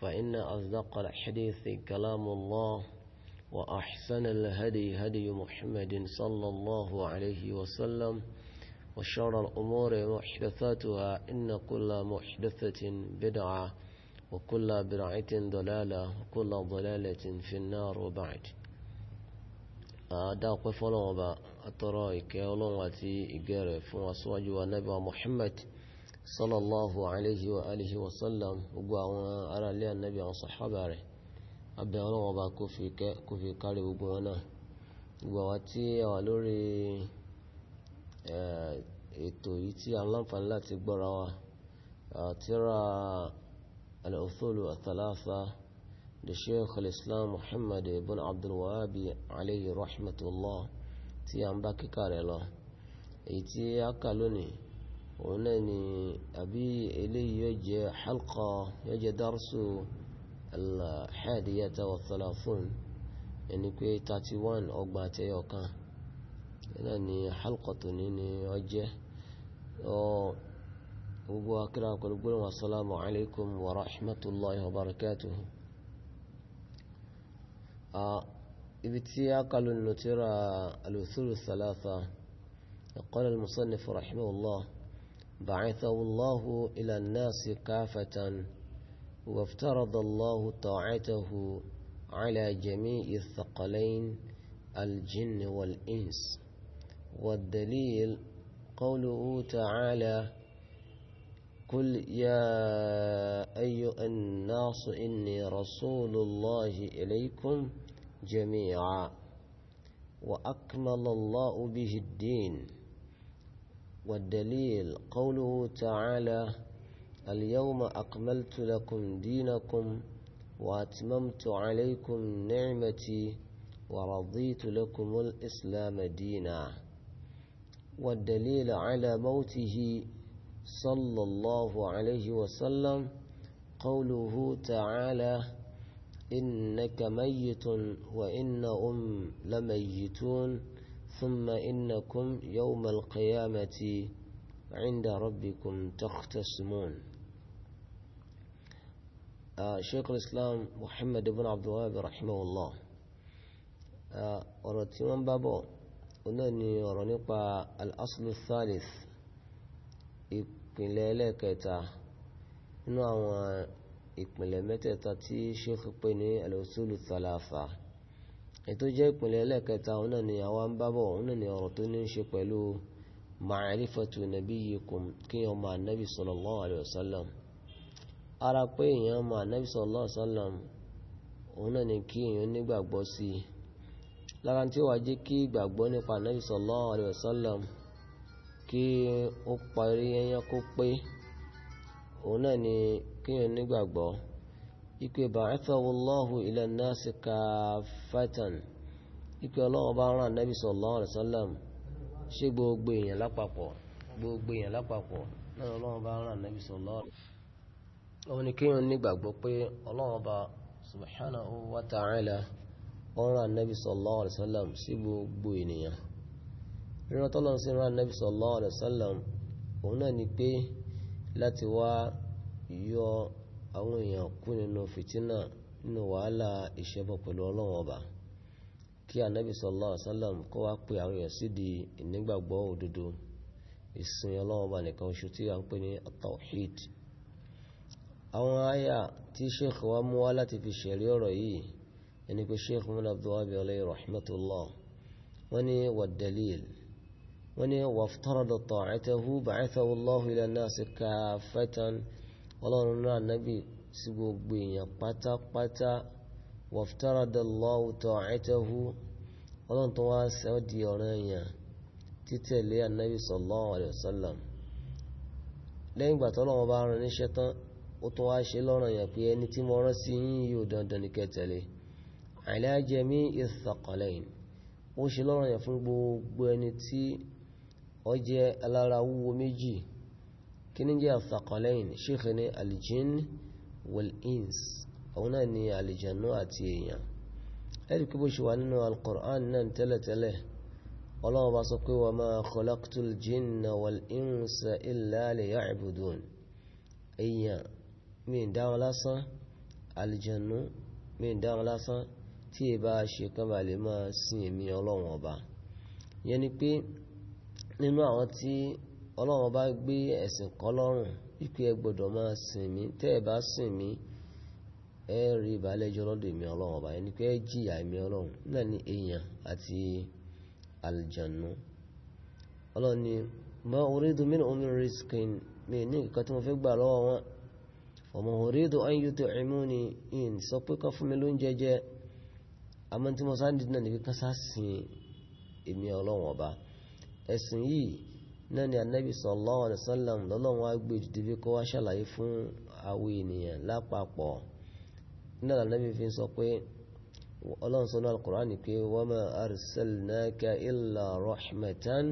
فإن أصدق الحديث كلام الله وأحسن الهدي هدي محمد صلى الله عليه وسلم وشر الأمور محدثاتها إن كل محدثة بدعة وكل بدعة ضلالة وكل ضلالة في النار وبعد أداق فلوبا أترايك يولون واتي إجارة فواسواج ونبي محمد sallallahu alayhi wa alihi wa sallam gbogbo àwọn ará ilé anabi àwọn sàhábà rẹ̀ abẹ́ ọlọ́wọ́n ọba kó fi kárí gbogbo wọn náà gbogbo àwa tí a wà lórí ètò yìí tí a láǹfààní láti gbọ́ra wa tíra al-uthulu al-thalatha sheikh al muhammad ibn abdulwahabi alayhi rahmatullah tí a ń bá kíkà rẹ̀ lọ èyí tí a kà lónìí òun náà ni àbí eléyìí yóò jẹ́ halqa yóò jẹ́ dárúsù alhadiyata wa thalafun ẹni pé thirty one ọgbà àtẹyọ kan náà ni halqa tòní ni ó jẹ́ ọ gbogbo akíra pẹ̀lú gbólóhùn asalaamu alaykum wa rahmatulahi wa barakatuhu. ibi tí a kalu nínú tíra alùsùlù sàlàsà ẹ̀kọ́ lẹ́nu musannif rahimahullah. بعثه الله إلى الناس كافة وافترض الله طاعته على جميع الثقلين الجن والإنس والدليل قوله تعالى قل يا أيها الناس إني رسول الله إليكم جميعا وأكمل الله به الدين والدليل قوله تعالى اليوم أكملت لكم دينكم وأتممت عليكم نعمتي ورضيت لكم الإسلام دينا والدليل على موته صلى الله عليه وسلم قوله تعالى إنك ميت وإنهم لميتون ثم إنكم يوم القيامة عند ربكم تختصمون آه، شيخ الإسلام محمد بن عبد الوهاب رحمه الله ورتيمان آه، بابو أنني رنقى الأصل الثالث إكملة كتا إنه إكملة متى تأتي شيخ بني الأصول الثلاثة ètò jẹ́ ìpìlẹ̀ ẹlẹ́ẹ̀kẹta òun náà ni àwa ń bábọ̀ òun náà ni ọ̀rọ̀ tó ní ṣe pẹ̀lú ma'rifatu nabiyyikum kí èèyàn ànábì ara pé èèyàn mọ ànábì sallallahu alayhi wa òun náà ni kí èèyàn nígbàgbọ́ sí i lára tí ó jẹ́ kí ìgbàgbọ́ nípa ànábì kí ó ipe ba'athahu Allahu ila an-nasi kaffatan ipe ọlọ́wọ́ bá rán anabi sallallahu alaihi wasallam ṣé gbogbo èèyàn lápapọ̀ gbogbo èèyàn lápapọ̀ náà ọlọ́wọ́ bá rán anabi sallallahu alaihi wasallam. òun ni nígbàgbọ́ pé ọlọ́wọ́ bá subhanahu wa ta'ala anabi sallallahu gbogbo ènìyàn ríran sí anabi sallallahu òun náà ni pé láti wá yọ àwọn èèyàn kú nínú fìtínà nínú wàhálà ìṣẹ́bọ pẹ̀lú ọlọ́run ọba kí anabi sallallahu alaihi wasallam kó wá pé àwọn èèyàn sí di ìnígbàgbọ́ òdodo ìsìn ọlọ́run ọba nìkan oṣù tí a ń pè ní tawhid àwọn àyà tí sheikh wa mú wá láti fi ṣẹ̀rí ọ̀rọ̀ yìí ẹni pé sheikh mun abdulwabi alayhi rahmatullah wọ́n ní wà dalil wọ́n ní wà ftarada ta'atahu ba'athahu Allahu ila an-nasi ọlọ́run rán ànábì sí gbogbo èèyàn pátápátá waftaradallahu ta'atahu ọlọ́run tó wá sẹ́ ọ́ di ọ̀ràn èèyàn títẹ̀lé ànábì sallallahu alayhi wa sallam lẹ́yìn ìgbà tó lọ́wọ́ bá rán níṣẹ́ tán ó tún wá ṣe lọ́ràn èèyàn pé ẹni tí mo rán sí yín yóò dandan ní kẹtẹ̀lé ala jami'is ó ṣe lọ́ràn èèyàn fún gbogbo ẹni tí ó alára wúwo méjì kíní jẹ́ àfàkọ́lẹ́yìn ṣéèkì ní aljin wal ins àwọn náà ní àlìjànú àti èèyàn ẹ̀rí kí bó ṣe wà nínú alqur'an náà tẹ́lẹ̀tẹ́lẹ̀ ọlọ́wọ́ bá sọ pé wa ma khalaqtul jinna wal insa illa liya'budun èèyàn mi ń dáwọn lásán àlìjànú mi ń dáwọn lásán tí ì bá ṣe kán bá lè máa sin èmi ọlọ́wọ́n ọba yẹn pé nínú àwọn tí ọlọ́run bá gbé ẹ̀sìn kan lọ́rùn wípé ẹ gbọ́dọ̀ máa sìn mí tẹ́ ẹ bá sìn mí ẹ rí ìbálẹ́jọ́ lọ́dọ̀ èmi ọlọ́run ọba ẹni pé ẹ jìyà èmi ọlọ́run náà ní èèyàn àti àlìjànú ọlọ́run ni ma uridu minhum min rizqin mi ní nǹkan tí mo fẹ́ gbà lọ́wọ́ wọn sọ pé fún mi ní sá sin ọba ẹ̀sìn yìí náà ni anabi sallallahu alayhi wa sallam lọ́lọ́run wá gbé dìde bí kó wá ṣàlàyé fún àwọn ènìyàn lápapọ̀ náà lànàbí fi sọ pé ọlọ́run sọ náà al-Qur'an ni pé wa ma arsalnaka illa rahmatan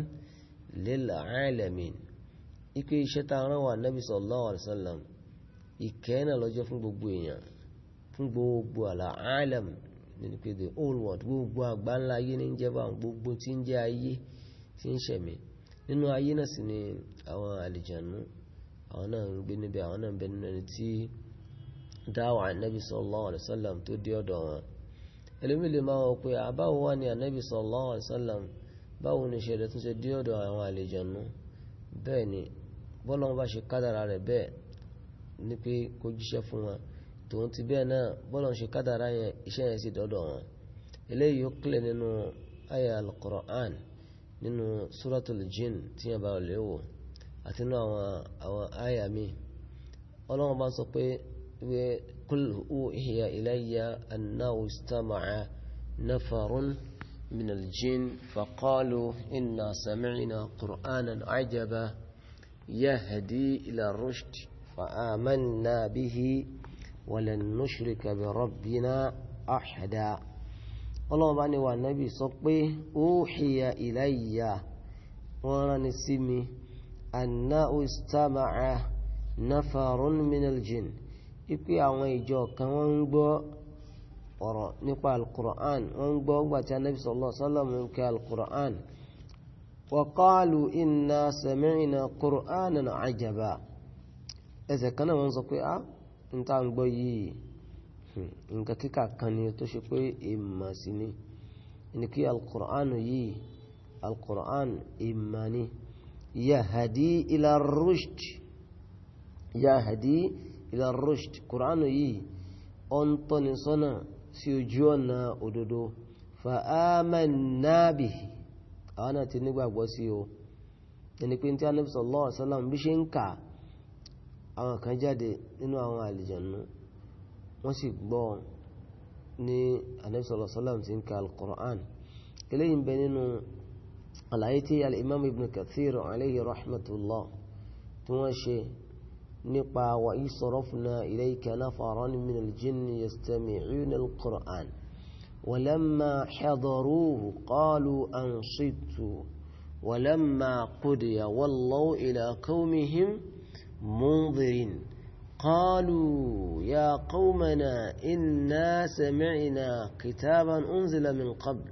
lil alamin ike iṣẹ́ tá a rán wa anabi sallallahu alayhi wa sallam ìkẹ́ náà lọ́jọ́ fún gbogbo èèyàn fún gbogbo àlà alam nínú pé the whole world gbogbo àgbáńlá ayé ní ń jẹ́ báwọn gbogbo tí ń jẹ́ ayé tí ń ṣẹ̀mí nínú ayé náà sì ni àwọn àlìjànú àwọn náà ń gbé níbẹ̀ àwọn náà ń bẹ nínú ẹni tí dáwà ànábì sallallahu alaihi wasallam tó dé ọ̀dọ̀ wọn ẹlòmíì lè máa wọ pé àbáwo wà ní ànábì sallallahu alaihi wasallam báwo ni ìṣẹ̀lẹ̀ tó ṣe dé ọ̀dọ̀ àwọn àlìjànú bẹ́ẹ̀ ni bọ́lá wọn bá ṣe kádàrà rẹ̀ bẹ́ẹ̀ ni pé kó jíṣẹ́ fún wọn tòun ti bẹ́ẹ̀ náà bọ́lá wọn ṣe kádàrà yẹn iṣẹ́ yẹn sì dọ́dọ̀ wọn eléyìí ó kílẹ̀ nínú àyá al-Qur'an nínú suratul jinn tí yẹn bá lè wò àti nínú àwọn àwọn àyà mi ọlọ́run bá sọ pé wí kul uhiya ilayya annahu istama'a nafarun min al-jinn faqalu inna sami'na qur'anan ajaba yahdi ila rushd fa'amanna bihi walan nushrika bi rabbina ahada. ọlọ́run bá ní wà nábì sọ pé uhiya ilayya wọ́n rán ni sí mi annahu istama'a nafarun minal jinn ipe àwọn ìjọ kan wọ́n ń gbọ́ ọ̀rọ̀ nípa alukur'an wọ́n ń gbọ́ gbàtí anábì sallallahu alaihi wasallam Hmm. nǹkan kíkà kan ni tó ṣe pé ìmọ̀ sí ni ẹni kí alukur'an yìí alukur'an ìmọ̀ ni yahadi ila rushd yahadi ila rushd kur'an yìí ó ń tọ́ni sọ́nà sí ojú ọ̀nà òdodo fa'amannabi àwọn àti nígbàgbọ́ sí o ẹni pé tí a nífẹ̀ẹ́ sallallahu alaihi wasallam bí ṣe ń kà àwọn kan jáde nínú àwọn àlìjànú wọ́n sì gbọ́ ní Ànábì sallallahu alaihi tí ń ka al-Qur'an eléyìí ń bẹ nínú àlàyé tí al-Imam Ibn Kathir alayhi rahmatulah tí wọ́n ṣe nípa wa yí sọ̀rọ̀ fún ilé isarafna ilayka ní min al-jinni yastami'una al-Qur'an walamma hadaruhu kọlu ansitu walamma qudiya wallaw ila qawmihim munzirin قالوا يا قومنا إنا سمعنا كتابا أنزل من قبل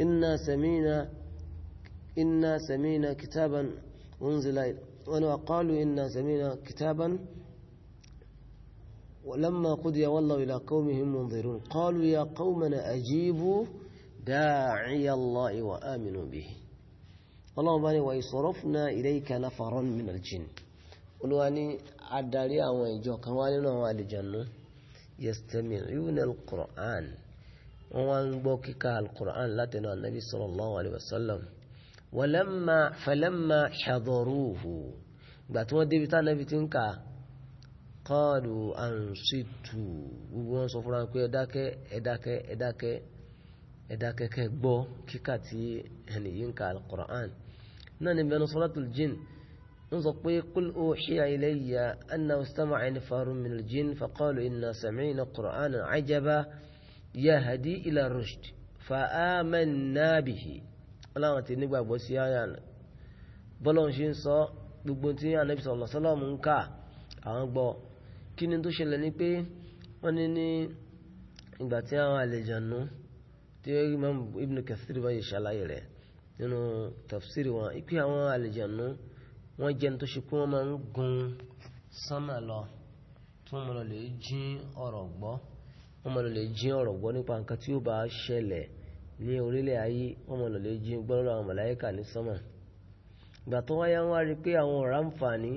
إنا سمعنا إنا سمعنا كتابا أنزل وقالوا إنا سمعنا كتابا ولما قضي والله إلى قومهم منظرون قالوا يا قومنا أجيبوا داعي الله وآمنوا به اللهم بني وإن صرفنا إليك نفرا من الجن قلوا أني adarí àwọn ìjọ kan wá nínú àwọn àlìjànú yastami'una al-Qur'an wọ́n wá ń gbọ́ kíkà al-Qur'an látẹnu anabi sallallahu alayhi wa sallam walamma falamma hadaruhu gbà tí wọ́n débi tá anabi ti ń kà qalu ansitu gbogbo wọn sọ fúnra pé ẹdákẹ́ ẹdákẹ́ ẹdákẹ́ ẹdákẹ́ gbọ́ kíkà tí ẹnìyí ń kà al-Qur'an náà ni bẹnu suratul jinn ń sọ pé kúl ó ṣíya ilayya anna ustama'a nifarun min aljin faqalu inna sami'na qur'anan ajaba yahdi ila rushd fa amanna bihi ọlọ́run ti nígbàgbọ́ sí àyà bọ́lọ́run ṣe ń sọ gbogbo tí anabi sallallahu alaihi wasallam ń kà àwọn gbọ́ kí ni tó ṣẹlẹ̀ ni pé wọ́n ní ní ìgbà tí àwọn àlejànú tí Imam Ibn Kathir báyìí ṣàlàyé rẹ̀ nínú tafsiri wọn ìpè àwọn àlejànú wọ́n jẹ́ ní tó ṣe pé wọ́n máa ń gun sánmà lọ tí wọ́n máa lè jí ọ̀rọ̀ gbọ́ wọ́n máa lè jí ọ̀rọ̀ gbọ́ nípa nǹkan tí ó bá ṣẹlẹ̀ ní orílẹ̀ ayé wọ́n máa lè jí gbọ́ lọ́wọ́ àwọn màláíkà ní sánmà ìgbà tó wáyá wọ́n á rí pé àwọn ọ̀rá ń fà ní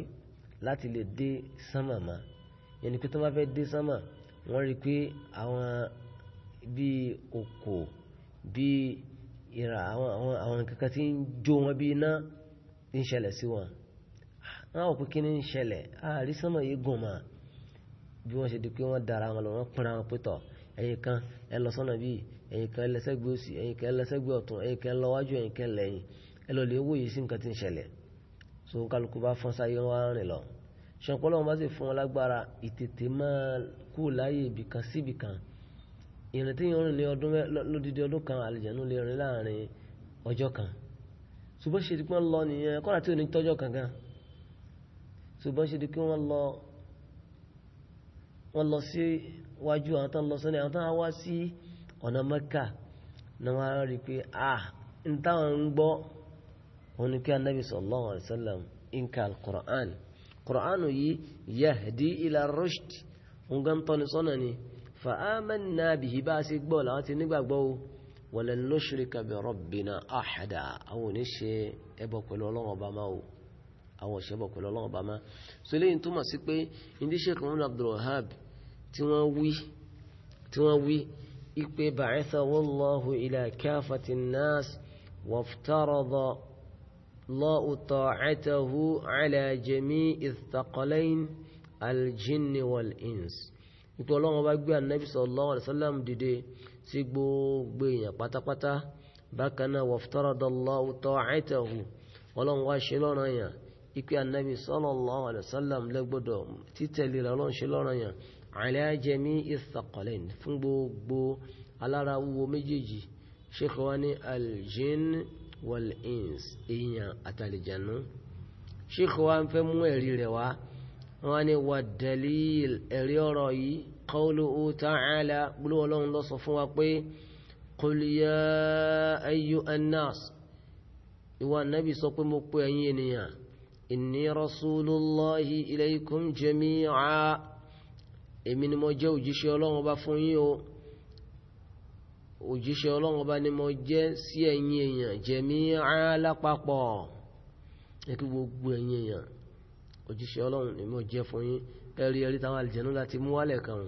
láti lè dé sánmà mà yẹn ni pé tó bá fẹ́ dé sánmà wọ́n rí pé àwọn bíi òkò bíi ìrà àwọn àwọn kankan tí ń jó wọn bíi iná ń ṣẹlẹ̀ sí wọn wọ́n á wò pé kí ni ń ṣẹlẹ̀ àárí sánmà yìí gùn mà bí wọ́n ṣe di pé wọ́n dara wọn lọ wọ́n pera wọn pé tọ̀ ẹ̀yin kan ẹ lọ sọ́nà bíi ẹ̀yin kan ẹlẹ́sẹ̀gbẹ́ òsì ẹ̀yin kan ẹlẹ́sẹ̀gbẹ́ ọ̀tún ẹ̀yin kan lọ́wájú ẹ̀yin kan lẹ́yìn ẹ lọ lè wòye sí nǹkan tí ń ṣẹlẹ̀ so kálukú bá fọ́n sáyé wọn rìn lọ ṣọpọlọ wọn bá sì fún wọn lágbára ìtètè máa kú láàyè ibì kan síbì kan ìrìn tí yẹn rìn ní ọdún lódìdí ọdún kan àlejànú lè rìn láàrin ọjọ́ kan ṣùgbọ́n ṣe ti pọ́n lọ nìyẹn kọ́ra ṣùgbọ́n ṣe di kí wọ́n lọ wọ́n lọ sí wájú àwọn tán lọ sọ́nà àwọn tán wá sí ọ̀nà mẹ́kà náà wọ́n rí pé ah n táwọn ń gbọ́ òun ni kí anábì sallallahu alaihi wasallam inka al-Qur'an Qur'an yìí yahdi ila rushd òun gan tọ́ni sọ́nà ni fa amanna bihi àwọn ò ní pẹ̀lú ọlọ́wọ́ bá máa wò àwọn òṣèbọ̀ pẹ̀lú ọlọ́run bá má so eléyìí túmọ̀ sí pé indi sheikh muhammad abdulwahab tí wọ́n wí tí wọ́n wí ipe ba'atha wallahu ila kafati nas waftarada Allahu ta'atahu ala jami'i thaqalain aljinni wal ins ipò ọlọ́run bá gbé anabi sallallahu alayhi wa sallam dìde ikú anabi sallallahu alayhi wa sallam lẹ́gbọ́dọ̀ títẹ̀lé rẹ̀ ọlọ́run ṣe lọ́rọ̀ yàn ala jami'i thaqalain fún gbogbo alára wúwo méjèèjì sheikh wa ní aljin wal ins èèyàn àtàlìjànú sheikh wa ń fẹ́ mú ẹ̀rí rẹ̀ wá wọ́n ní wà dalil ẹ̀rí ọ̀rọ̀ yìí qawluhu ta'ala gbólú ọlọ́run ló sọ fún wa pé qul ya ayyuhan ìwà nàbì sọ pé mo pé ẹ̀yin ènìyàn inni rasulullahi ilaykum jami'a èmi ni mo jẹ́ òjíṣẹ́ ọlọ́run ọba fún yín o òjíṣẹ́ ọlọ́run ọba ni mo jẹ́ sí ẹ̀yin èèyàn jami'a lápapọ̀ ẹ̀kí gbogbo ẹ̀yin èèyàn òjíṣẹ́ ọlọ́run ni mo jẹ́ fún yín ẹ̀rí ẹ̀rí táwọn àlìjẹ̀nú láti mú wálẹ̀ kan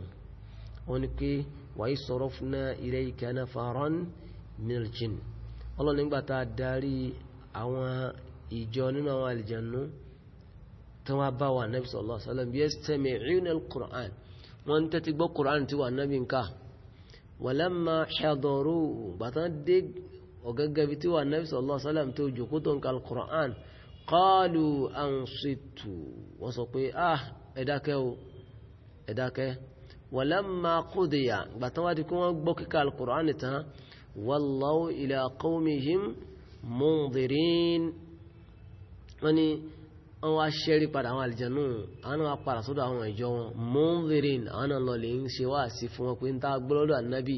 wọn ni pé wàyí sarafna ilayka nafaran minal jinn ọlọ́run nígbà tá a darí àwọn ìjọ nínú àwọn àlìjànú tó wá bá wà nábì sallallahu alaihi wasallam yastami'una al-Qur'an wọ́n tẹ́tí gbọ́ Qur'an tí wà nábì nká walamma hadaru bàtán dé ọ̀gágabi tí wà nábì sallallahu alaihi wasallam tó jòkó tó nǹkan al-Qur'an qalu ansitu wọ́n sọ pé ah ẹ̀dákẹ́ o ẹ̀dákẹ́ walamma qudiya bàtán wá di kí wọ́n gbọ́ kíkà al tán wallaw ila qawmihim wọ́n ní wọ́n wá ṣẹ́rí padà àwọn àlìjẹ̀nù àwọn náà wá padà sọ́dọ̀ àwọn ìjọ wọn mọ́nvìrín àwọn náà lọ lè ń ṣe wá sí fún wọn pé ń ta gbọ́lọ́dọ̀ ànábì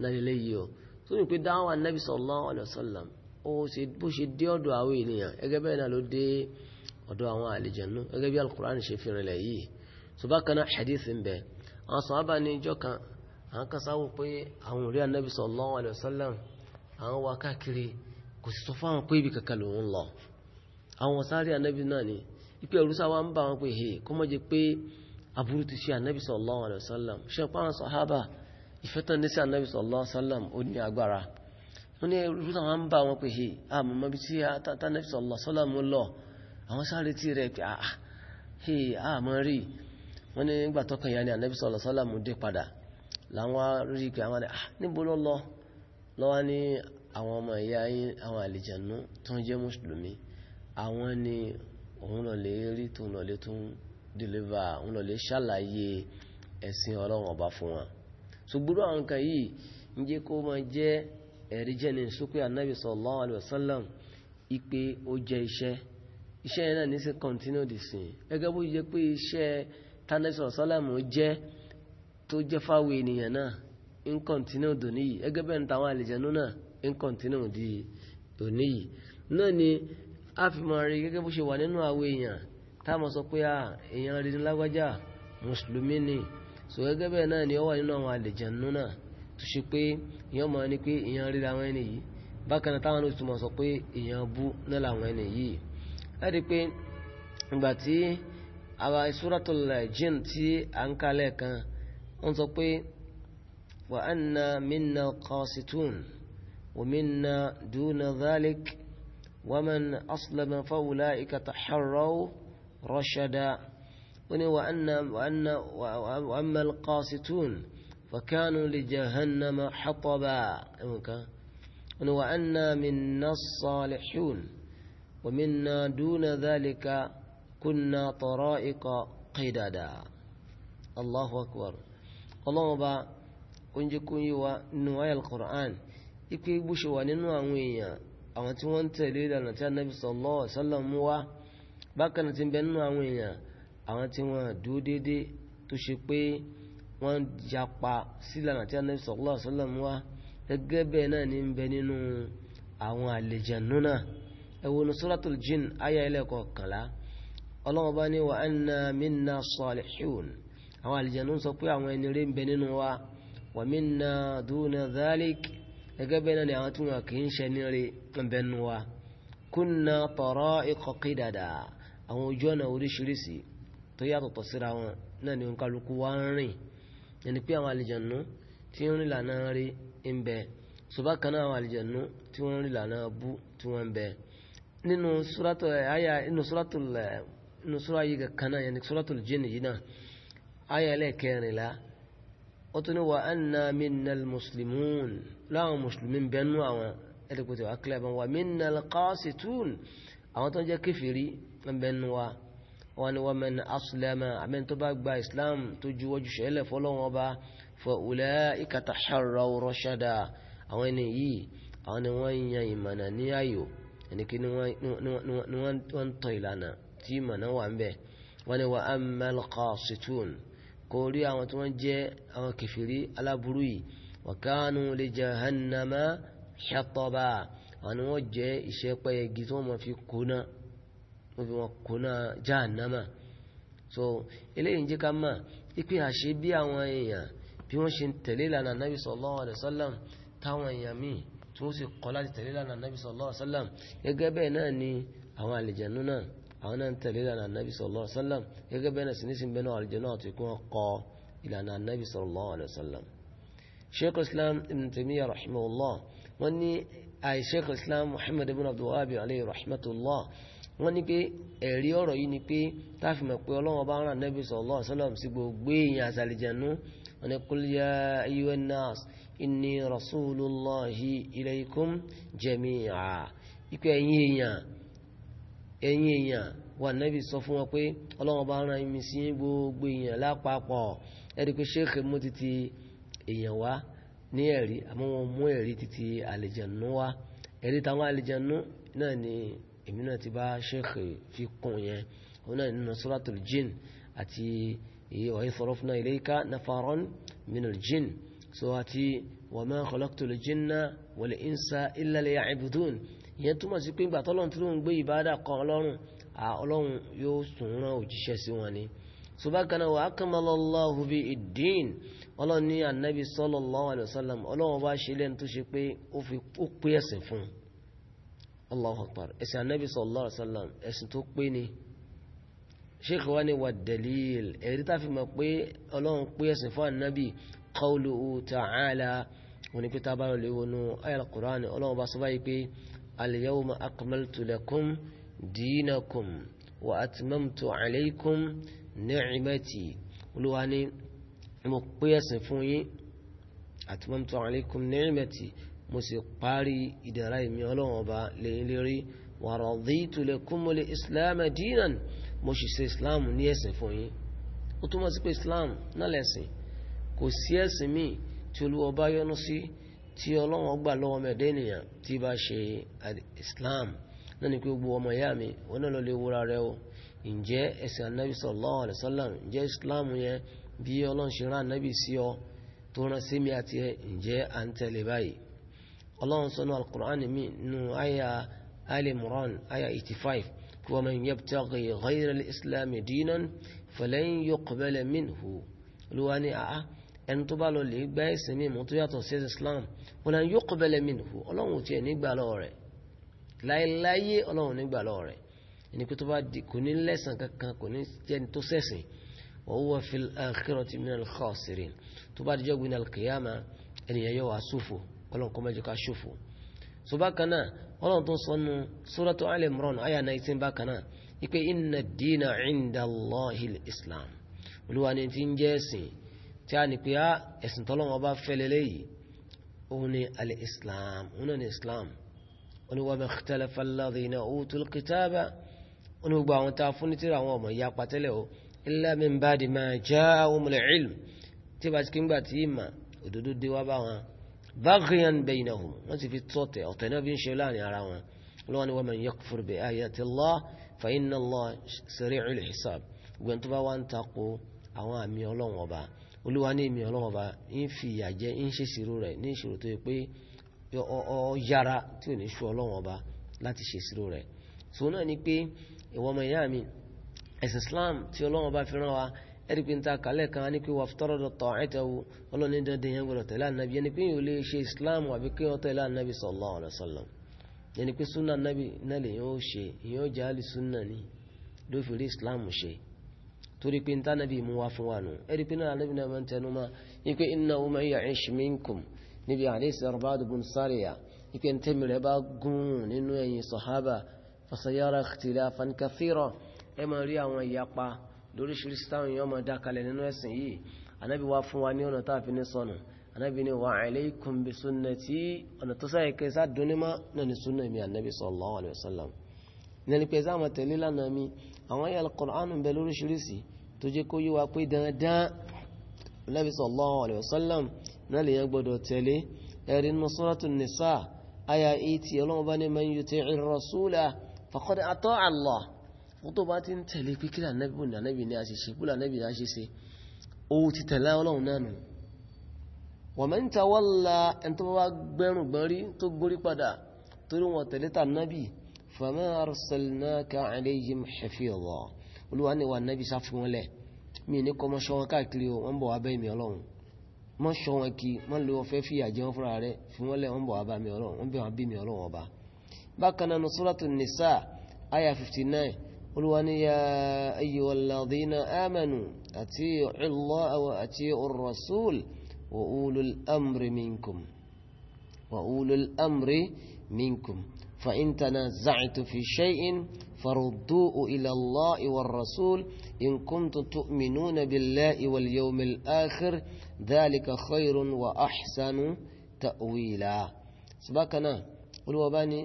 náà lélẹ́ yìí o tó ní pé dáhùn ànábì sallallahu alaihi bó ṣe dé ọ̀dọ̀ àwọn ènìyàn gẹ́gẹ́ bẹ́ẹ̀ náà ló dé ọ̀dọ̀ àwọn àlìjẹ̀nù gẹ́gẹ́ bí alukur'an ṣe fi rìnlẹ̀ yìí tó bá kan náà hadith kò sì sọ fún àwọn pé ibì kankan lòun lọ àwọn sáré ànábì náà ni ipe ẹ̀rúsá wa ń bá wọn pé he kọ́ mọ́ jẹ pé aburú ti ṣe ànábì sallallahu alaihi wasallam ṣe pa àwọn sọ̀hábà ìfẹ́tàn ní sí ànábì sallallahu alaihi wasallam ó ní agbára wọ́n ní ẹ̀rúsá wa ń bá wọn pé he àmọ́ mọ́bi tí ànábì sallallahu alaihi wasallam lọ àwọn sáré tí rẹ̀ pé ah, ah he àmọ́ rí wọ́n ní nígbà tọkàn yẹn ni ànábì sallallahu alaihi dé padà làwọn rí pé àwọn ah níbo ló lọ lọ́wọ́ ní àwọn ọmọ ìyá yín àwọn àlìjànú àwọn ni òun lọ rí tó lọ lè tún òun ṣàlàyé ẹ̀sìn ọlọ́run ọba fún wọn ṣùgbọ́n àwọn kan yìí ń jẹ́ kó máa jẹ́ ẹ̀rí jẹ́ni sókè anábì sallallahu alaihi ipe ó jẹ́ iṣẹ́ iṣẹ́ yẹn náà ní sí continue the sin gẹ́gẹ́ bó jẹ́ pé iṣẹ́ tanabi jẹ́ tó a fi mọ̀ rí gẹ́gẹ́ bó ṣe wà nínú àwọn èèyàn táwọn sọ pé èèyàn rí ní lágbájá mùsùlùmí ni so gẹ́gẹ́ bẹ́ẹ̀ náà ni ó wà nínú àwọn àlùjànnú náà tó ṣe pé èèyàn mọ̀ ni pé èèyàn rí làwọn ẹni yìí bákan náà táwọn olùtú sọ pé èèyàn bú náà làwọn ẹni yìí láti pé ìgbà tí àwọn Suratul Jinn tí à ń kalẹ̀ kan wọ́n sọ pé wa anna minna qasitun wa minna duna dhalik ومن أصلب فأولئك تحروا رشدا وأن وأن وأما القاسطون فكانوا لجهنم حطبا وأنا منا الصالحون ومنا دون ذلك كنا طرائق قددا الله أكبر الله أبا كنجي كنجي ونوايا القرآن يكي ayé alukur'an àwọn tí wọ́n ń tẹ̀lé ìlànà tí anabi sallallahu alaihi wasallam mú wá bákan náà ti ń bẹ nínú àwọn èèyàn àwọn tí wọ́n dúró déédé tó ṣe pé wọ́n yapa sí ìlànà tí anabi sallallahu alaihi wasallam mú wá gẹ́gẹ́ bẹ́ẹ̀ náà ní ń bẹ nínú àwọn àlejànú náà ẹ wo ní suratul jinn aya ẹlẹ́kọ̀ọ́kànlá ọlọ́run bá ní wa anna minna salihun àwọn àlejànú sọ pé àwọn ẹni rẹ̀ ń bẹ nínú wa wa minna duna dhalik gẹ́gẹ́ bẹ́ẹ̀ náà ni àwọn tí wọn kì í ṣe ní rẹ̀ ẹ̀bẹ̀nu wa kunna tara'iq qidada àwọn ojú ọ̀nà oríṣiríṣi tó yàtọ̀tọ̀ síra wọn náà ni òǹkàlùkù wa ń rìn ẹni pé àwọn àlìjànú tí ń rìn lànà rí ń bẹ ṣùgbọ́n kan náà àwọn àlìjànú tí wọ́n ń rìn lànà bú tí wọ́n ń bẹ nínú suratul àyà nínú suratul nínú sura yìí kan náà yẹn ní suratul jinn yìí náà àyà ẹlẹ́ẹ̀kẹrìnlá ó tún ní wa anna minna al-muslimun mùsùlùmí bẹ́ẹ̀ nú àwọn ẹ̀rẹ́kùtì wà kílẹ̀ wọn wà minnal qasitun àwọn tó ń jẹ́ kèfèrí ẹ̀bẹ̀nu wa wọn ni wa man aslama àmẹ́ni tó bá gba islam tó ju wọ́jú sẹ́lẹ̀ fọlọ́wọn ọba fa ulaika taharraw rashada àwọn ẹni yìí àwọn ni wọ́n ń yan ìmọ̀nà ní ayò ẹnikẹ́ ni wọ́n ń tọ́ ìlànà tí ìmọ̀nà wà ń bẹ̀ wọ́n ni wa ammal qasitun kò rí àwọn tí wọ́n jẹ́ àwọn kèfèrí aláburú yìí wa kanu li jahannama ṣàtọ̀bà àwọn ni wọ́n jẹ́ ìṣẹ́pẹ́ igi tí wọ́n máa fi kóná wọ́n fi wọn kóná jahannama so eléyìí ń jẹ́ ká mà ipe àṣẹ bí àwọn èèyàn bí wọ́n ṣe ń tẹ̀lé ìlànà anábì sallallahu alaihi wasallam táwọn èèyàn míì tí wọ́n sì kọ́ láti tẹ̀lé ìlànà anábì sallallahu alaihi wasallam gẹ́gẹ́ bẹ́ẹ̀ náà ni àwọn àlìjẹ̀nú náà àwọn náà ń tẹ̀lé ìlànà anábì sallallahu alaihi wasallam gẹ́gẹ́ bẹ́ẹ̀ náà sì ní náà àlìjẹ̀nú àti ikú wọn kọ ìlànà anábì sallallahu alaihi wasallam sheikh islam ibn taymiyyah rahimahullah wọ́n ní àì sheikh islam muhammad ibn abdul wahhab alayhi rahmatullah wọ́n ní pé ẹ̀rí ọ̀rọ̀ yìí ni pé táàfin mọ̀ pé ọlọ́wọ́n bá rán nẹ́bí sallallahu alaihi wasallam sí gbogbo èèyàn àṣàlìjẹ̀nu wọ́n ní qul ya ayyuhan nas inni rasulullahi ilaykum jami'a ikú ẹ̀yin èèyàn ẹ̀yin èèyàn wà nẹ́bí sọ fún wọn pé ọlọ́wọ́n bá rán mi sí gbogbo èèyàn lápapọ̀ ẹ̀rí pé sheikh mutiti èèyàn wá ní ẹ̀rí àmọ́ wọn mú ẹ̀rí títí àlìjẹ̀nú wá ẹ̀rí táwọn àlìjẹ̀nú náà ni èmi náà ti bá sheikh fi kún yẹn òun náà nínú suratul jin àti wa idh sarafna ilayka nafaran minal jin so àti wa ma khalaqtul jinna wal insa illa liya'budun ìyẹn túmọ̀ sí pé ìgbà tí ló gbé ìbádà kan ọlọ́run subakana wa akamalọ́láhu bí ìdín ọlọ́run ní anabi sallallahu alayhi wa sallam ọlọ́run bá ṣe lẹ́nu tó ṣe pé ó pé ẹ̀sìn fún Allahu akbar ẹ̀sìn anabi sallallahu alayhi wa sallam ẹ̀sìn tó pé ni sheikh wa ni wa dalil ẹ̀rí tá a fi mọ̀ pé ọlọ́run pé ẹ̀sìn fún anabi qawluhu ta'ala wọn ni pé tá a bá lọ léwu nu ayal qur'an ọlọ́run bá sọ báyìí pé al-yawma akmaltu lakum dinakum wa atmamtu alaykum ni'imati olúwa ní mo pé ẹ̀sìn fún yín atmamtu alaykum ni'imati mo sì parí ìdẹ̀ra ìmí ọlọ́run ọba lẹ́yìn lérí wa raditu lakumul islam dinan mo sì ṣe islam ní ẹ̀sìn fún yín ó túmọ̀ sí pé islam náà lẹ̀sìn kò sí ẹ̀sìn míì tí olúwa ọba yọ́nú sí tí ọlọ́run ọgbà lọ́wọ́ mẹ́ẹ̀ẹ́dẹ́nìyàn tí bá ṣe islam náà ni pé gbogbo ọmọ ìyá mi òun náà lọ lè wúra rẹ o ǹjẹ́ ẹ̀sìn anábì sallallahu alaihi wasallam ǹjẹ́ islam yẹn bí ọlọ́run ṣe rán anábì sí ọ tó rán sí mi àti ẹ ǹjẹ́ à ń tẹ̀lé báyìí ọlọ́run sọ́nà alukur'an mi nù àyà ali imran àyà 85 kí wa man yabtaghi ghayra al-islam dinan falan yuqbala minhu olúwa ni àá ẹni tó bá lọ lè gba ẹ̀sìn mi mọ́ tó yàtọ̀ sí islam wọn náà yuqbala minhu ọlọ́run ò tiẹ̀ nígbà lọ́wọ́ rẹ̀ láéláyé ọlọ́run nígbà lọ́wọ́ rẹ̀ ẹni pé tó bá di kò ní lẹ́sàn kankan kò ní jẹ́ni tó sẹ̀sìn wa huwa fil akhirati minal khasirin tó bá dijọ́ gbin al-qiyama ènìyàn yóò wá ṣòfò ọlọ́run kó má jẹ́ ká ṣòfò so bákan náà ọlọ́run tó ń sọ nu suratu Al-Imran aya nineteen bákan náà ipe inna ad-dina 'inda islam olúwa ni ti ń jẹ́ ẹ̀sìn tí a ní ah, ẹ̀sìn tọ́lọ́wọ́n bá fẹ́ lélẹ́yìí wọn ni wama ikhtalafa alladhina utul kitaba wọn ni gbogbo àwọn tá a fún ní tíra àwọn ọmọ ìyá pàtẹ́lẹ̀ o illa min ba'di ma ja'ahumul ilm tí bá ti kí ń gbà tí ì mà òdodo dé wá bá wọn baghiyan baynahum wọ́n ti fi tọ́tẹ̀ ọ̀tẹ̀ náà fi ń ṣe láàrin ara wọn lọ́wọ́ ni waman yakfur bi ayati ń takò àwọn àmì ọlọ́wọ́n ọba olúwa ní ìmì ọlọ́wọ́n ọba ń fi ìyà ń ṣèṣirò ọ yára tí ò ní ṣú ọlọ́wọ́n ọba láti ṣe ìṣirò rẹ̀ so náà ni pé ìwọ ọmọ ìyá mi ẹ̀sìn Islam tí ọlọ́wọ́n ọba fi rán wa ẹ̀rí pé n ta kàlẹ́ kan ní pé wà fútọ́rọ̀dọ̀ tọ̀ ẹ̀tẹ̀wò ọlọ́ni dandan yẹn gbọdọ̀ tẹ̀lé ànábi yẹn ni pé yóò lè ṣe Islam àbí kí wọ́n tẹ̀lé ànábi sallallahu alaihi wasallam yẹn ni pé sunna ànábi náà lè yẹn ó ṣe ìyẹn ó jẹ́ àlì sunna ni ló fi rí Islam ṣe torí pé n ta ànábi mú wa fún wa nù ẹ̀rí pé náà ànábi náà máa ń tẹnu máa ní pé innahu man ya'ish minkum níbi àdísì Arbad ibn Sariya ike n tẹ́mi rẹ̀ bá gùn nínú ẹ̀yìn sọ̀hábà fasayara ikhtilafan kathira ẹ máa rí àwọn ìyapa lóríṣiríṣi táwọn èèyàn máa dákalẹ̀ nínú ẹ̀sìn yìí anábì wá fún wa ní ọ̀nà tá a fi ní sọnù anábì ní wa alaykum bi sunnati ọ̀nà tó sáyẹ kẹ́ sá dúnni má náà ní sunna mi anábì sallallahu alayhi wa sallam nínú pé sáà náà lèyàn gbọ́dọ̀ tẹ̀lé ẹ̀rí nínú suratu nisa aya eighty ọlọ́run bá ní man yuti'ir rasula faqad ata'a Allah fún tó bá ti ń tẹ̀lé pé kílà nẹ́bí bò ní ànẹ́bí ní àṣìṣe kúlà nẹ́bí ní àṣìṣe ó ti tẹ̀lé ọlọ́run náà nù wa man tawalla ẹni tó bá gbẹ́rùn gbọ́n rí tó gbórí padà torí wọn tẹ̀lé tà nábì fama arsalnaka alayhim hafiza olúwa ni wà nábì sáfihàn lẹ̀ mí ní kọ́mọ́ṣọ́ mọ́ sọ wọn kí mọ́ lè wọ́n fẹ́ fi yà jẹun fúnra rẹ̀ fún wọn lẹ́ wọ́n bọ̀ abami bá ọlọ́run wọ́n bẹ̀ wọ́n bí mi ọlọ́run ọba. bákan náà nusratu nisa aya fifty nine olùwàníyà ayyuhal ladhina amanu ati'u Allaha wa ati'u ar-rasul wa ulul amri minkum wa ulul amri minkum fa in tanaza'tu fi shay'in فردوه إلى الله والرسول إن كنتم تؤمنون بالله واليوم الآخر dhalika khayrun wa ahsanu ta'wila subakana olúwa bá ní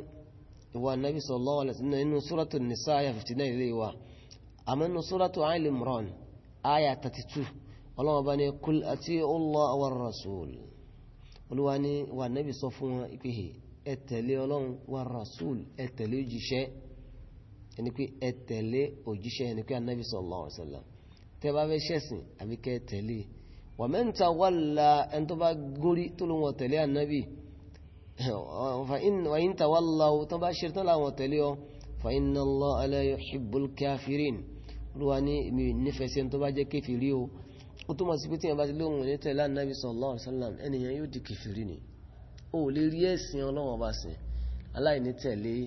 ìwà nabi sallallahu alaihi wasallam nínú suratu nisa aya 59 ilé wa àmọ́ nínú suratu al-imran aya 32 ọlọ́wọ́ bá ní kul ati'u Allah wa rasul olúwa ní ìwà nabi sọ fún wọn ìpèhè ẹ tẹ̀lé ọlọ́run wa rasul ẹ tẹ̀lé òjíṣẹ́ ẹni pé ẹ tẹ̀lé òjíṣẹ́ ẹni pé anabi sallallahu alaihi wasallam tẹ́ bá fẹ́ ṣẹ̀sìn àbíkẹ́ tẹ̀lé ومن تولى أن تبقري تلو وتلي النبي فإن وإن تولوا تباشر تلا وتليه فإن الله لا يحب الكافرين رواني من نفس أن تبقى كفري وتما سبتين بس لهم نتلا النبي صلى الله عليه وسلم أن يودي كفرني أو لريسي الله بس الله نتلي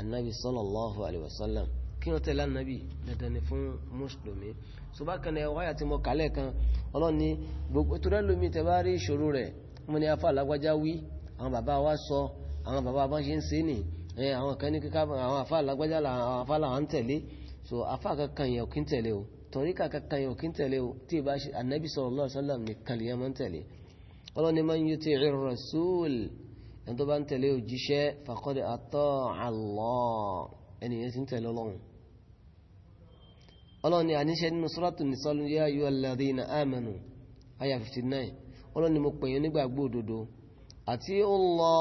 النبي صلى الله عليه وسلم كي نتلا النبي لدني فون مسلمي ṣùgbọ́n wáyà tí mo kàlẹ̀ kan ọlọ́ni gbogbo tó rẹ́ lómi tẹ bá rí ìṣòro rẹ̀ mo ní afá alágbájá wí àwọn bàbá wa sọ àwọn bàbá bá ṣe ń ṣe nì àwọn kan ní kíkà àwọn afá alágbájá àwọn afá làwọn ń tẹ̀lé so afá kankan yẹn ò kí ń tẹ̀lé o torí kankan yẹn ò kí ń tẹ̀lé o tí ì ṣe anabi sallallahu alaihi wasallam nìkan lè yẹn máa ń tẹ̀lé ọlọ́ni man yuti'ir rasul ẹni tó bá ń tẹ̀lé òjíṣẹ́ faqad ata Allah ẹni yẹn ti ń tẹ̀lé ọlọ́run ọlọ́ni àníṣe nínú sọ́rọ́tù ní sọ́lúyà yuwaladina amanu aya 59 ọlọ́ni mo pèyàn nígbàgbọ́ òdodo àti ó lọ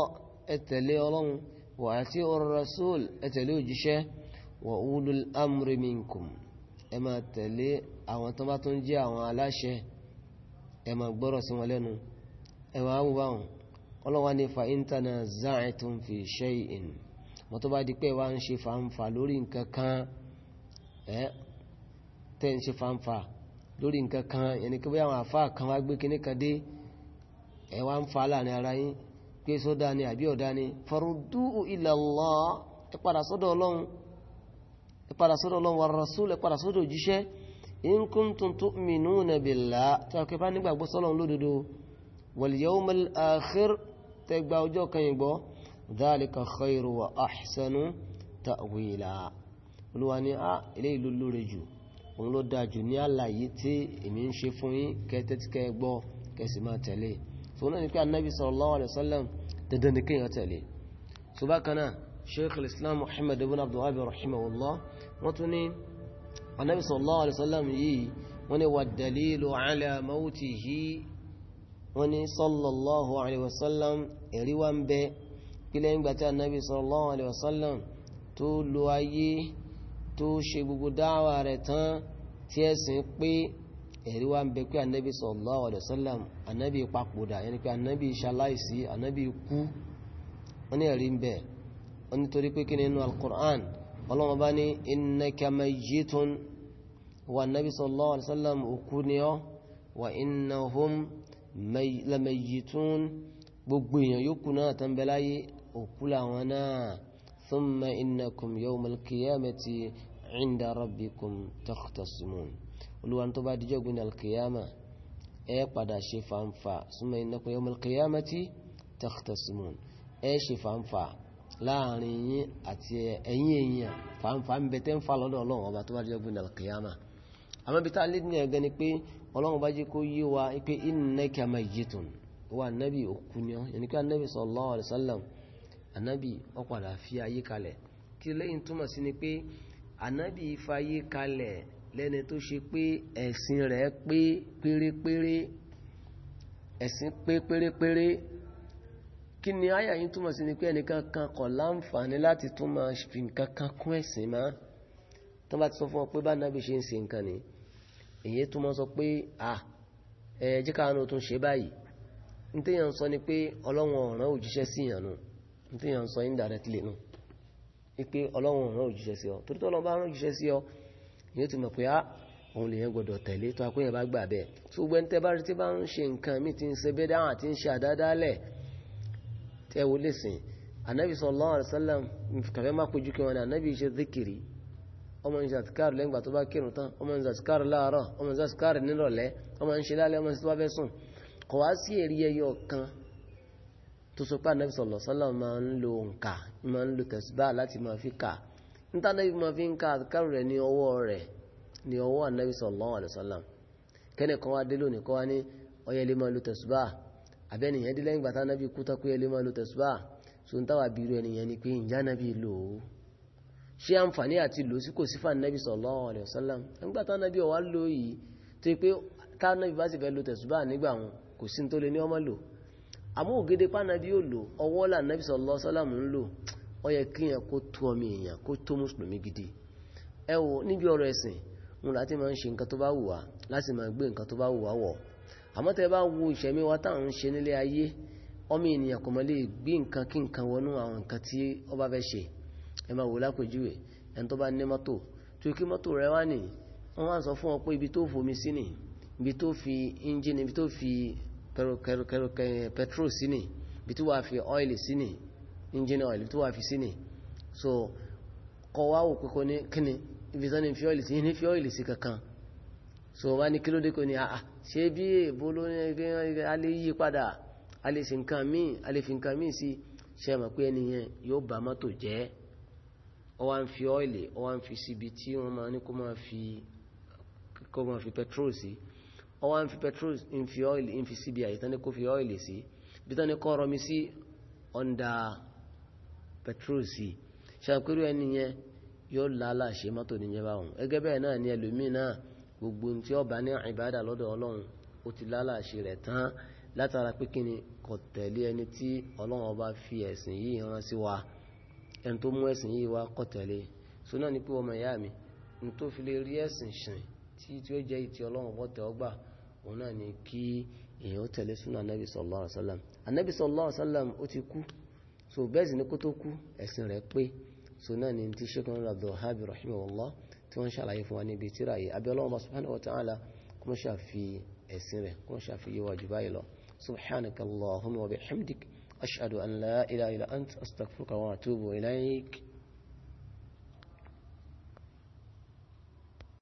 ẹ̀tẹ̀lé ọlọ́run wà àti ó rasul ẹ̀tẹ̀lé òjíṣẹ́ wà ulul amri minkum ẹ máa tẹ̀lé àwọn tó bá tó ń jẹ́ àwọn aláṣẹ ẹ máa gbọ́rọ̀ sí wọn lẹ́nu ẹ máa wù báwọn ọlọ́wà ní fa íńtánà záàtún fi mọ́tò bá di pé wá ń ṣe fàǹfà lórí nǹkan kan ẹ́ tẹ́ ń ṣe fanfa lórí nǹkan kan yẹni kí bóyá àwọn àfa kan wá gbé kíní kan dé ẹ wá ń fa láàrin ara yín pé sódà ni àbí ọ̀dà ni farudu ila Allah ẹ padà sọ́dọ̀ ọlọ́run ẹ padà sọ́dọ̀ ọlọ́run wa rasul ẹ padà sọ́dọ̀ òjíṣẹ́ in kuntum tu'minuna billah tí a nígbàgbọ́ sọ́lọ́run lódodo wal ta'wila olúwa ni a ah, ilé ìlú lóore jù òun ló dáa jù ní àlàyé tí èmi ń ṣe fún yín kẹtẹtíkẹ gbọ́ kẹsì máa tẹ̀lé fún náà ni pé anabi sallallahu alayhi wa sallam dandan ni kéèyàn tẹ̀lé ṣùgbọ́n kan náà sheikh al-islam muhammad ibn abdulwahab rahimahullah wọ́n tún ní anabi sallallahu alayhi wa sallam yìí wọ́n ní wà dalilu ala mawtihi wọ́n ní sallallahu alayhi wa sallam wa ń bẹ kílẹ̀ ń gbàtí anabi sallallahu alayhi wa sallam tó lo ayé tó ṣe gbogbo dáwà rẹ̀ tán tí ẹ̀sìn pé ẹ̀rí wa ń bẹ pé anabi sallallahu alayhi wa sallam anabi papòdà yẹn ni pé anabi ṣaláìsí anabi kú wọ́n ní ẹ̀rí ń bẹ wọ́n nítorí pé kí ni inú al-Qur'an ọlọ́wọ́n bá ní innaka mayyitun wa anabi sallallahu alayhi wa òkú ni ọ́ wa innahum lamayyitun gbogbo èèyàn yókù náà tán bẹ láyé òkú làwọn náà. ثم إنكم يوم القيامة عند ربكم تختصمون ولو أنتم بعد جوج القيامة إيه قد شفا أنفا ثم إنكم يوم القيامة تختصمون إيه شفا فا láàrin yín àti ẹ̀yin èèyàn fàǹfà ń bẹ tẹ́ ń fà lọ́dọ̀ ọlọ́run ọba tó bá jẹ́ gbìnà kìyàmà àmọ́ bí táà lédìí ẹ̀gẹ́ ni pé ọlọ́run bá jẹ́ kó yé wa pé innaka mayyitun wà nábì òkú ni ọ́ yẹn ni pé anábì sallallahu alaihi wasallam anabi ó padà fi ayé kalẹ̀ kí lẹ́yìn túmọ̀ sí ni pé anabi fa ayé kalẹ̀ lẹ́ni tó ṣe pé ẹ̀sìn rẹ̀ pé pérépéré ẹ̀sìn pé pérépéré kí ni àyà yìí túmọ̀ sí ni pé ẹnìkan kan kọ̀ láǹfààní láti tún máa fi nǹkan kan kún ẹ̀sìn máa tó bá ti sọ fún ọ pé bá nábì ṣe ń ṣe nǹkan ni èyí tó sọ pé à ẹ jẹ́ tún ṣe báyìí ní sọ ni pé ọlọ́wọ̀n ọ̀ràn òjíṣẹ́ sí ìyànnú tí yàn sọ indirectly nù wípé ọlọ́run rán òjíṣẹ́ sí ọ torí tó lọ bá rán òjíṣẹ́ sí ọ ìyẹn ti mọ̀ pé á ah, òun lèyàn gbọdọ̀ tẹ̀lé tó akóyàn bá gbà bẹ́ẹ̀ tó gbẹ́ ní tẹ́bá rí tí bá ń ṣe nǹkan mí ti ń ṣe bẹ́ẹ̀ dáhùn àti ń ṣe àdádálẹ̀ tẹ́ wo lè sìn anabi sallallahu alaihi wasallam kàfẹ́ má kojú kí wọn ní anabi ṣe zikiri ọmọ ní zatikari lẹ́yìn ìgbà tó bá kírun tán ọmọ ní zatikari láàárọ̀ ọmọ ní zatikari nírọ̀lẹ́ ọmọ ní ṣe lálẹ́ ọmọ ní tó bá fẹ́ sùn kọ̀ sí èrè ẹyọ kan tó sọ pé anabi sọlọ sọlọ máa ń lo nǹka máa ń lo tẹsíbá láti máa fi kà níta anabi máa fi ń ka àkàrò rẹ ní ọwọ́ rẹ ní ọwọ́ anabi sọlọ alẹsọlọ kẹ́ni kan wá dé lónìí kọ́ wá ní ọyẹ lè máa lo tẹsíbá àbẹ́nìyàn dé lẹ́yìn gbàtà anabi kú tọ́kú yẹ lè máa lo tẹsíbá so ń táwà bírú ẹnìyàn ni pé ǹjẹ́ anabi lò ó ṣé àǹfààní àti lò sí kò sí fún anabi sọlọ alẹsọlọ nígbà tá anabi ọ̀wá lò yìí tó yẹ pé tá anabi bá sì fẹ́ lo tẹsíbá nígbà wọn kò sí ní tó lè ní ọmọ lò àmú ògede pánàbí yóò lò ọwọ́ là nàbí sọ̀lọ́ sọ́làmù ń lò ó yẹ kí yẹn kó tó ọmọ èèyàn kó tó mùsùlùmí gidi ẹ wo níbi ọ̀rọ̀ ẹ̀sìn ń láti máa ń ṣe nǹkan tó bá wù wá láti máa gbé nǹkan tó bá wù wá wọ̀ àmọ́ tẹ́ bá wo ìṣẹ̀mí wa táwọn ń ṣe nílé ayé ọmọ ènìyàn kò mọ̀ lè gbé nǹkan kí nǹkan wọnú àwọn nǹkan tí ó bá fẹ́ ṣe ẹ máa wò lápèjúwe ẹni tó bá ní mọ́tò tó kí mọ́tò rẹ wá nìyí wọ́n wá sọ fún ọ pé ibi tó fomi sí nìyí ibi tó fi engine ibi tó fi petrol sí ni bí tí wàá fi oil sí ni engine oil bí tí wàá fi sí ni so kọ wá wò pé kò ní kíni ibi tán ni fi oil sí ní fi oil sí kankan so wá ní kílódé kò ní àà ṣe bí èbó ló ní ẹgbẹ́ a lè yí padà a lè fi nǹkan míì a lè fi nǹkan míì sí ṣe mọ̀ pé ẹni yẹn yóò bà mọ́tò jẹ́ ọ wá ń fi ọ́ìlì ọ wá ń fi síbi tí wọ́n máa ní kó máa fi petrol sí ọwọ́ ń fi petrol ń fi ọ́ìlì ń fi síbi àyíká ní kó fi ọ́ìlì sí bí tán ní kọ́ rọmi sí ọ̀ndà petrol sí ṣàpérò ẹni yẹn yóò lálà ṣe mọ́tò níyẹn báwọn gẹ́gẹ́ bẹ́ẹ̀ náà ni ẹlòmíì náà gbogbo tí ó bá ní ìbádà lọ́dọ̀ ọlọ́run ó ti lálà ṣe rẹ̀ tán látara pé kò tẹ̀lé ẹni tí ọlọ́run ọba fi ẹ̀sìn yìí rán sí wa ẹni tó mú ẹ̀sìn yìí wá kò tẹ̀lé so náà ni pé ọmọ ìyá mi n tó fi lè rí ẹ̀sìn sìn tí tí ó jẹ́ ìtì ọlọ́run ọbọ̀ tẹ̀ ọgbà òun náà ni kí èèyàn tẹ̀lé súnà anábì sallallahu alaihi wasallam anábì sallallahu alaihi wasallam ó ti kú so bẹ́ẹ̀ sì ni kó tó kú ẹ̀sìn rẹ̀ pé so náà ni ti ṣe kan lọ́dọ̀ habi rahimahullah tí wọ́n ṣàlàyé fún wa níbi tíra yìí abẹ́lọ́wọ́ subhanahu wa ta'ala kó mọ́ ṣàfi ẹ̀sìn rẹ̀